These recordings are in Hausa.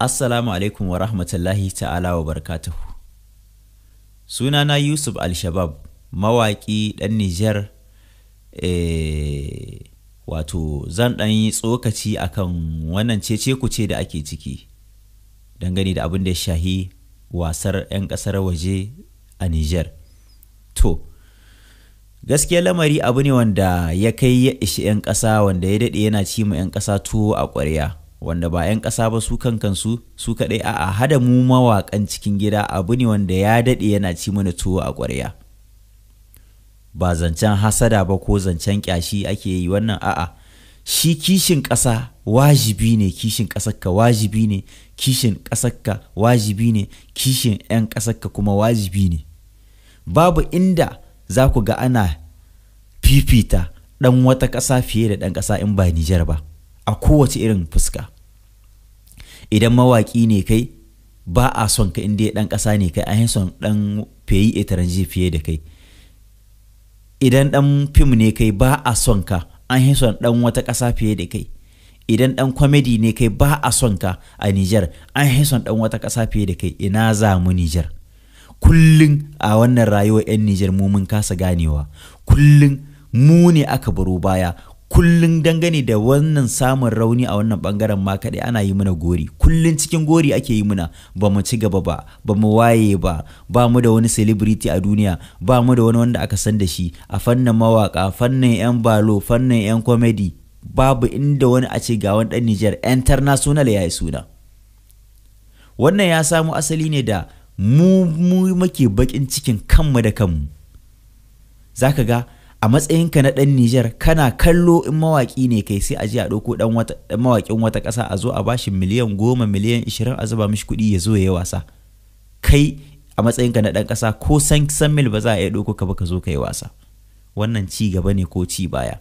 Assalamu alaikum wa rahmatullahi ta'ala wa barkatahu. Sunana Yusuf Al-Shabab, mawaƙi ɗan Nijar, eh, wato zan ɗan yi tsokaci kan wannan cece kuce da ake ciki, dangane da abin da ya shahi wasar 'yan ƙasar waje a Nijar. To, gaskiya lamari abu ne wanda ya kai ya ishi 'yan ƙasa wanda ya daɗe yana ci ma 'yan ƙasa tuwo a ƙwarya. wanda ba 'yan ƙasa ba su kankansu su kaɗai a'a hada mu mawaƙan cikin gida abu ne wanda ya daɗe yana ci mana tuwo a ƙwarya ba zancen hasada ba ko zancen ƙyashi ake yi wannan a'a shi kishin ƙasa wajibi ne kishin ƙasarka wajibi ne kishin ƙasarka wajibi ne kishin 'yan ƙasarka kuma wajibi ne babu inda za ku ga ana fifita ɗan wata ƙasa fiye da ɗan ƙasa in ba Nijar ba. a kowace irin fuska idan mawaƙi ne kai ba a son ka inda ɗan ƙasa ne kai an son ɗan feyi etaranji fiye da kai idan ɗan fim ne kai ba a son ka an son ɗan wata ƙasa fiye da kai idan ɗan kwamedi ne kai ba a son ka a Nijar an son ɗan wata ƙasa fiye da kai ina za mu Nijar kullum a wannan rayuwar 'yan Nijar mu mun kasa ganewa kullum mu ne aka baro baya kullun dangane da wannan samun rauni a wannan bangaren ma kaɗai ana yi mana gori kullun cikin gori ake yi mana, ba mu ci gaba ba ba mu waye ba ba mu da wani celebrity a duniya ba mu da wani wanda aka san da shi a fannin mawaka fannin yan balo fannin yan comedy babu inda wani a ce ga wani dan Niger international ya yi suna wannan ya samu asali ne da mu mu muke bakin cikin kanmu da kanmu zaka ga a matsayin ka na ɗan Nijar kana kallo in mawaƙi ne kai sai a ji a ɗauko ɗan mawaƙin wata ƙasa a zo a bashi miliyan goma miliyan ishirin a zuba mishi kuɗi ya zo ya yi wasa kai a matsayin ka na ɗan ƙasa ko san san mil ba za a iya ɗauko ka ba ka zo ka yi wasa wannan ci gaba ne ko ci baya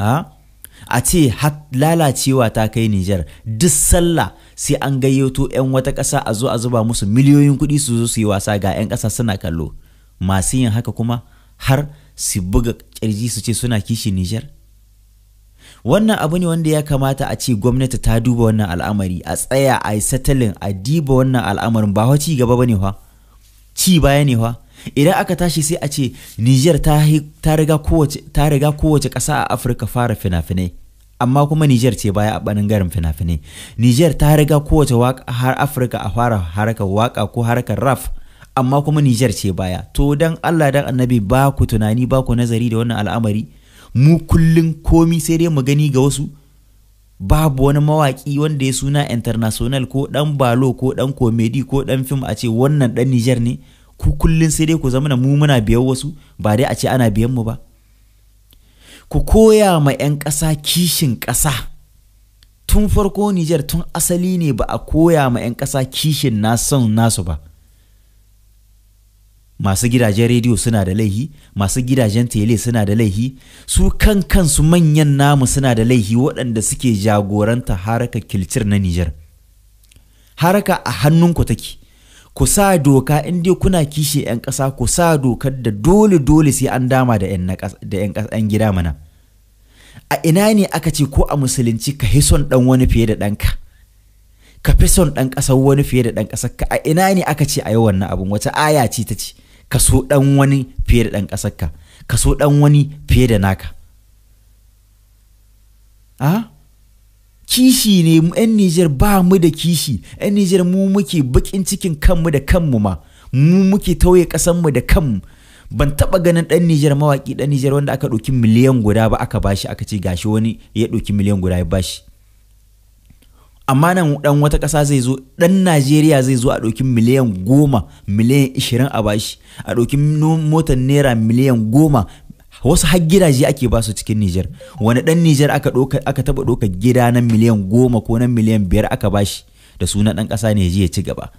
a ce har lalacewa ta kai Nijar duk sallah sai an gayyato 'yan wata ƙasa a zo a zuba musu miliyoyin kuɗi su zo su yi wasa ga 'yan ƙasa suna kallo masu yin haka kuma har su buga ƙirji su ce suna kishi Nijar? Wannan abu ne wanda ya kamata a ce gwamnati ta duba wannan al'amari a tsaya a yi satalin a diba wannan al'amarin ba ci gaba ba ne fa ci baya ne fa idan aka tashi sai a ce Nijar ta riga kowace ƙasa a Afirka fara fina-finai amma kuma Nijar ce baya a ɓangaren fina-finai Nijar ta riga kowace har Afirka a fara harkar waka ko harkar raf amma kuma Nijar ce baya to dan Allah dan annabi ba ku tunani ba ku nazari da wannan al'amari mu kullun komi sai dai mu gani ga wasu babu wani mawaƙi wanda ya suna international ko dan balo ko dan komedi ko dan fim a ce wannan dan Nijar ne ku kullun sai dai ku zama mu muna biyan wasu ba dai a ce ana biyan mu ba ku koya ma 'yan ƙasa kishin ƙasa tun farko Nijar tun asali ne ba a koya ma 'yan ƙasa kishin nasan nasu ba masu gidajen rediyo suna da laihi masu gidajen tele suna da laihi su kan kansu manyan namu suna da laihi waɗanda suke jagoranta haraka kilcir na Nijar haraka a hannun ku take ku sa doka in dai kuna kishe 'yan ƙasa ku sa dokar da dole dole sai an dama da 'yan gida mana a ina ne aka ce ko a musulunci ka son ɗan wani fiye da ɗanka ka fi son ɗan ƙasa wani fiye da ɗan ƙasa ka a ina ne aka ce a yi wannan abin wata aya ce ta ce ka so ɗan wani fiye da ɗan ƙasarka ka so ɗan wani fiye da naka a kishi ne 'yan Nijar ba mu da kishi 'yan Nijar mu muke bakin cikin kanmu da kanmu ma mu muke tauye ƙasanmu da kanmu ban taɓa ganin ɗan Nijar mawaƙi ɗan Nijar wanda aka ɗauki miliyan guda ba aka bashi aka ce gashi wani ya ɗauki miliyan guda ya bashi amma nan dan wata ƙasa zai zo dan najeriya zai zo a ɗauki miliyan goma miliyan ishirin a bashi a ɗauki motar naira miliyan goma wasu har gidaje ake ba su cikin Nijar wani dan Nijar aka doka aka taba doka gida na miliyan goma ko na miliyan biyar aka bashi da suna ɗan ƙasa ne ya ci gaba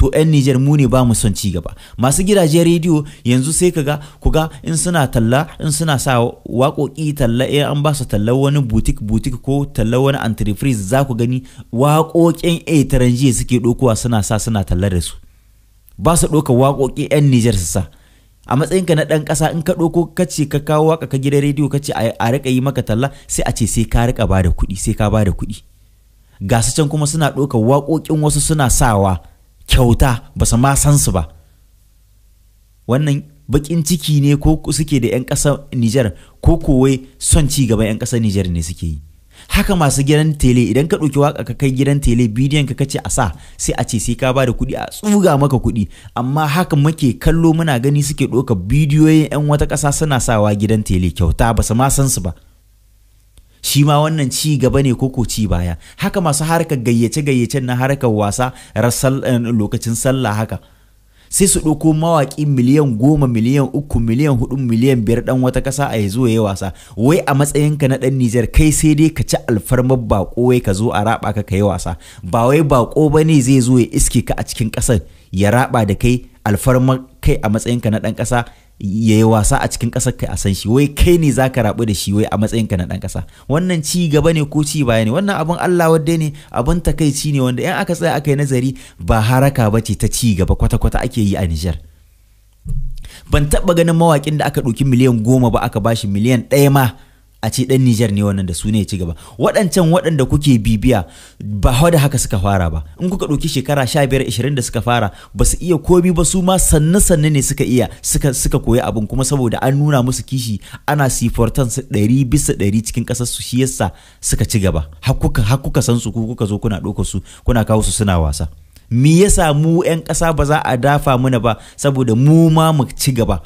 to 'yan Nijar mu ne ba mu son ci gaba masu gidajen rediyo yanzu sai kaga kuga in suna talla in suna sa waƙoƙi talla in eh, an ba su talla wani butik butik ko talla wani entreprise za ku gani waƙoƙin etaranje suke ɗokowa suna sa suna talla da su ba su ɗoka waƙoƙi 'yan Nijar su sa a matsayinka na ɗan ƙasa in ka ɗauko ka ce ka kawo waƙa ka gidan rediyo ka ce a riƙa yi maka talla sai a ce sai ka riƙa ba da kuɗi sai ka ba da kuɗi Gasa can kuma suna ɗaukar waƙoƙin wasu suna sawa kyauta ba su ma san su ba wannan bakin ciki ne ko suke da 'yan ƙasar Nijar ko kowai son ci gaban 'yan ƙasar Nijar ne suke yi haka masu gidan tele idan ka ɗauki waka ka kai gidan tele bidiyon ka kace a sa sai a ce sai ka ba da kuɗi a tsuga maka kuɗi amma haka muke kallo muna gani suke ɗauka bidiyoyin 'yan wata ƙasa suna sawa gidan tele kyauta ba su ma san su ba shi ma wannan ci gaba ne ko ko ci baya haka masu harkar gayyace gayyace na harkar wasa eh, lokacin sallah haka sai su ɗauko mawaƙi miliyan goma miliyan uku miliyan hudu miliyan biyar ɗan wata ƙasa a yanzu ya wasa wai a matsayinka na ɗan Nijar kai sai dai ka ci alfarmar baƙo wai ka zo a raɓa ka ka yi wasa ba wai baƙo ba ne zai zo ya iske ka a cikin ƙasar ya raɓa da kai alfarmar kai a matsayinka na ɗan ƙasa ya yi wasa a cikin ƙasar kai a san shi wai kai ne za ka rabu da shi wai a matsayin ka na ɗan ƙasa wannan ci gaba ne ko ci baya ne wannan abun Allah wadda ne abin takaici ne wanda in aka tsaya aka yi nazari ba haraka ba ce ta ci gaba kwata-kwata ake yi a Nijar. Ban taɓa ganin mawaƙin da aka ɗauki miliyan goma ba aka bashi miliyan ɗaya ma a ce dan Nijar ne wannan da su ne ya ci gaba waɗancan waɗanda kuke bibiya ba da haka suka fara ba in kuka ɗauki shekara 15 20 da suka fara ba su iya komi ba su ma sanne sanne ne suka iya suka koyi abin kuma saboda an nuna musu kishi ana sifortan su ɗari bisa ɗari cikin ƙasar su shi yasa suka ci gaba har kuka san su ku kuka zo kuna ɗaukar su kuna kawo su suna wasa me yasa mu 'yan ƙasa ba za a dafa mana ba saboda mu ma mu ci gaba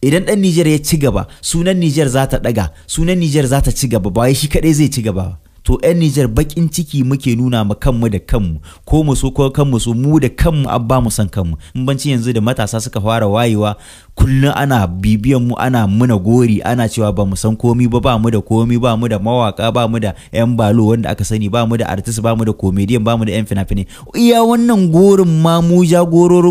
idan ɗan Nijar ya ci gaba sunan Nijar za ta ɗaga sunan Nijar za ta ci gaba ba shi kaɗai zai ci gaba to 'yan Nijar bakin ciki muke nuna ma kanmu da kanmu ko mu so ko kanmu so mu da kanmu an ba mu san kanmu in banci yanzu da matasa suka fara wayewa kullum ana bibiyan mu ana muna gori ana cewa ba mu san komi ba ba mu da komi ba mu da mawaka ba mu da 'yan balo wanda aka sani ba mu da artist ba mu da comedian ba mu da 'yan fina-finai iya wannan gorin ma mu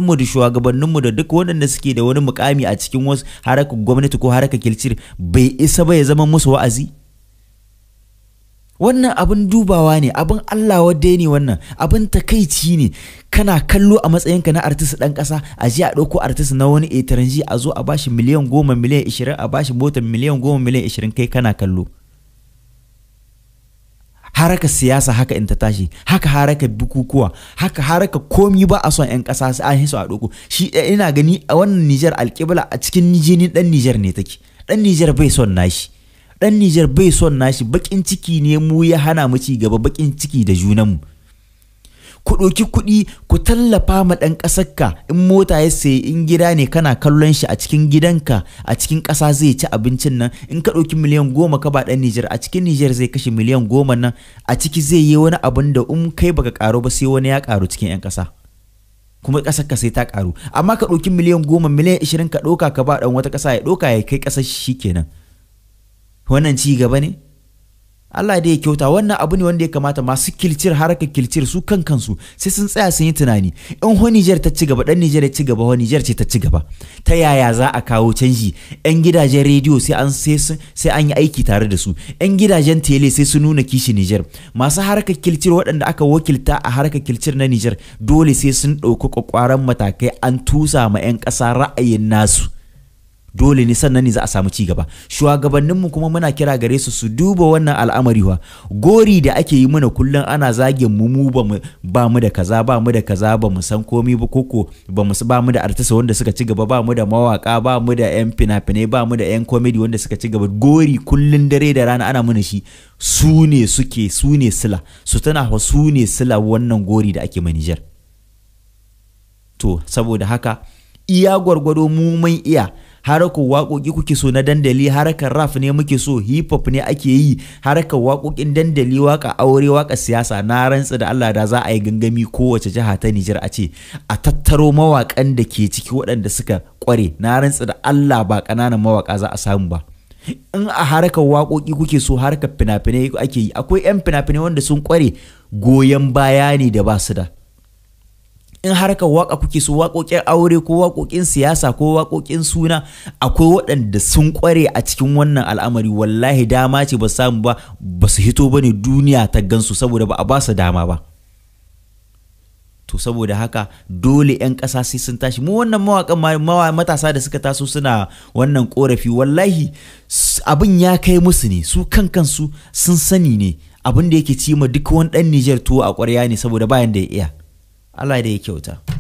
mu da shugabanninmu da duk waɗanda suke da wani mukami a cikin wasu harakar gwamnati ko harakar kilcir bai isa ba ya zama musu wa'azi wannan abin dubawa ne abin Allah wadda ne wannan abin takaici ne kana kallo a matsayinka na artist ɗan ƙasa a je a ɗauko artist na wani etaranji a zo a bashi miliyan goma miliyan ishirin a bashi motar miliyan goma miliyan ishirin kai kana kallo haraka siyasa haka in ta tashi haka haraka bukukuwa haka haraka komi ba a son 'yan ƙasa an hisu a ɗauko shi eh, ina gani a wannan niger alƙibla a cikin jinin dan niger ne take dan niger bai son nashi ɗan Nijar bai son nashi bakin ciki ne mu ya hana mu ci gaba bakin ciki da mu. ku ɗauki kuɗi ku tallafa ma ɗan ƙasarka in mota ya sayi in gida ne kana kallon shi a cikin gidanka a cikin ƙasa zai ci abincin nan in ka ɗauki miliyan goma ka ba ɗan Nijar a cikin Nijar zai kashe miliyan goma nan a ciki zai yi wani abin da in kai baka ƙaru ba sai wani ya ƙaru cikin 'yan ƙasa. kuma ƙasar ka sai ta ƙaru amma ka ɗauki miliyan goma miliyan ishirin ka ɗauka ka ba ɗan wata ƙasa ya ɗauka ya kai ƙasar shi kenan wannan ci gaba ne Allah dai ya kyauta wannan abu ne wanda ya kamata masu kilcir harkar kilcir su kan sai sun tsaya sun yi tunani in ho Niger ta ci gaba dan Niger ya ci gaba ho Niger ce ta ci gaba ta yaya za a kawo canji yan gidajen rediyo sai an sai sai an yi aiki tare da su yan gidajen tele sai su nuna kishi Niger masu harkar kilcir waɗanda aka wakilta a harkar kilcir na Niger dole sai sun ɗauki kwakwaran matakai an tusa ma yan ƙasa ra'ayin nasu dole ne sannan ne za a samu cigaba shugabanninmu kuma muna kira gare su su duba wannan al'amari wa gori da ake yi mana kullum ana zagin mu mu ba mu da kaza ba mu da kaza ba mu san komi, ba koko ba mu ba mu da artista wanda suka ci gaba ba mu da mawaka ba mu da yan fina-finai ba mu da yan comedy wanda suka ci gaba gori kullum dare da rana ana mana shi su ne suke su ne sila su tana su ne sila wannan gori da ake manijar to saboda haka iya gwargwado mu mai iya harakar waƙoƙi kuke so na dandali harakar rap ne muke so hip hop ne ake yi harakar waƙoƙin dandali waka aure waka siyasa na rantsa da Allah da za a yi gangami kowace jiha ta Nijar a ce a tattaro mawaƙan da ke ciki waɗanda suka ƙware na rantsa da Allah ba ƙananan mawaƙa za a samu ba in a harkar waƙoƙi kuke so harkar fina-finai ake yi akwai 'yan fina wanda sun ƙware goyon baya ne da ba su da in harkar waka kuke so waƙoƙin aure ko waƙoƙin siyasa ko waƙoƙin suna akwai waɗanda sun ƙware a cikin wannan al'amari wallahi dama ce ba samu ba ba su hito ba ne duniya ta gansu saboda ba a ba su dama ba to saboda haka dole 'yan ƙasa sai sun tashi mu wannan mawaƙan matasa da suka taso suna wannan ƙorafi wallahi abin ya kai musu ne su kan kansu sun sani ne abin da yake ci ma duk wani ɗan Nijar tuwo a ƙwarya ne saboda bayan da ya iya Allah da ya kyauta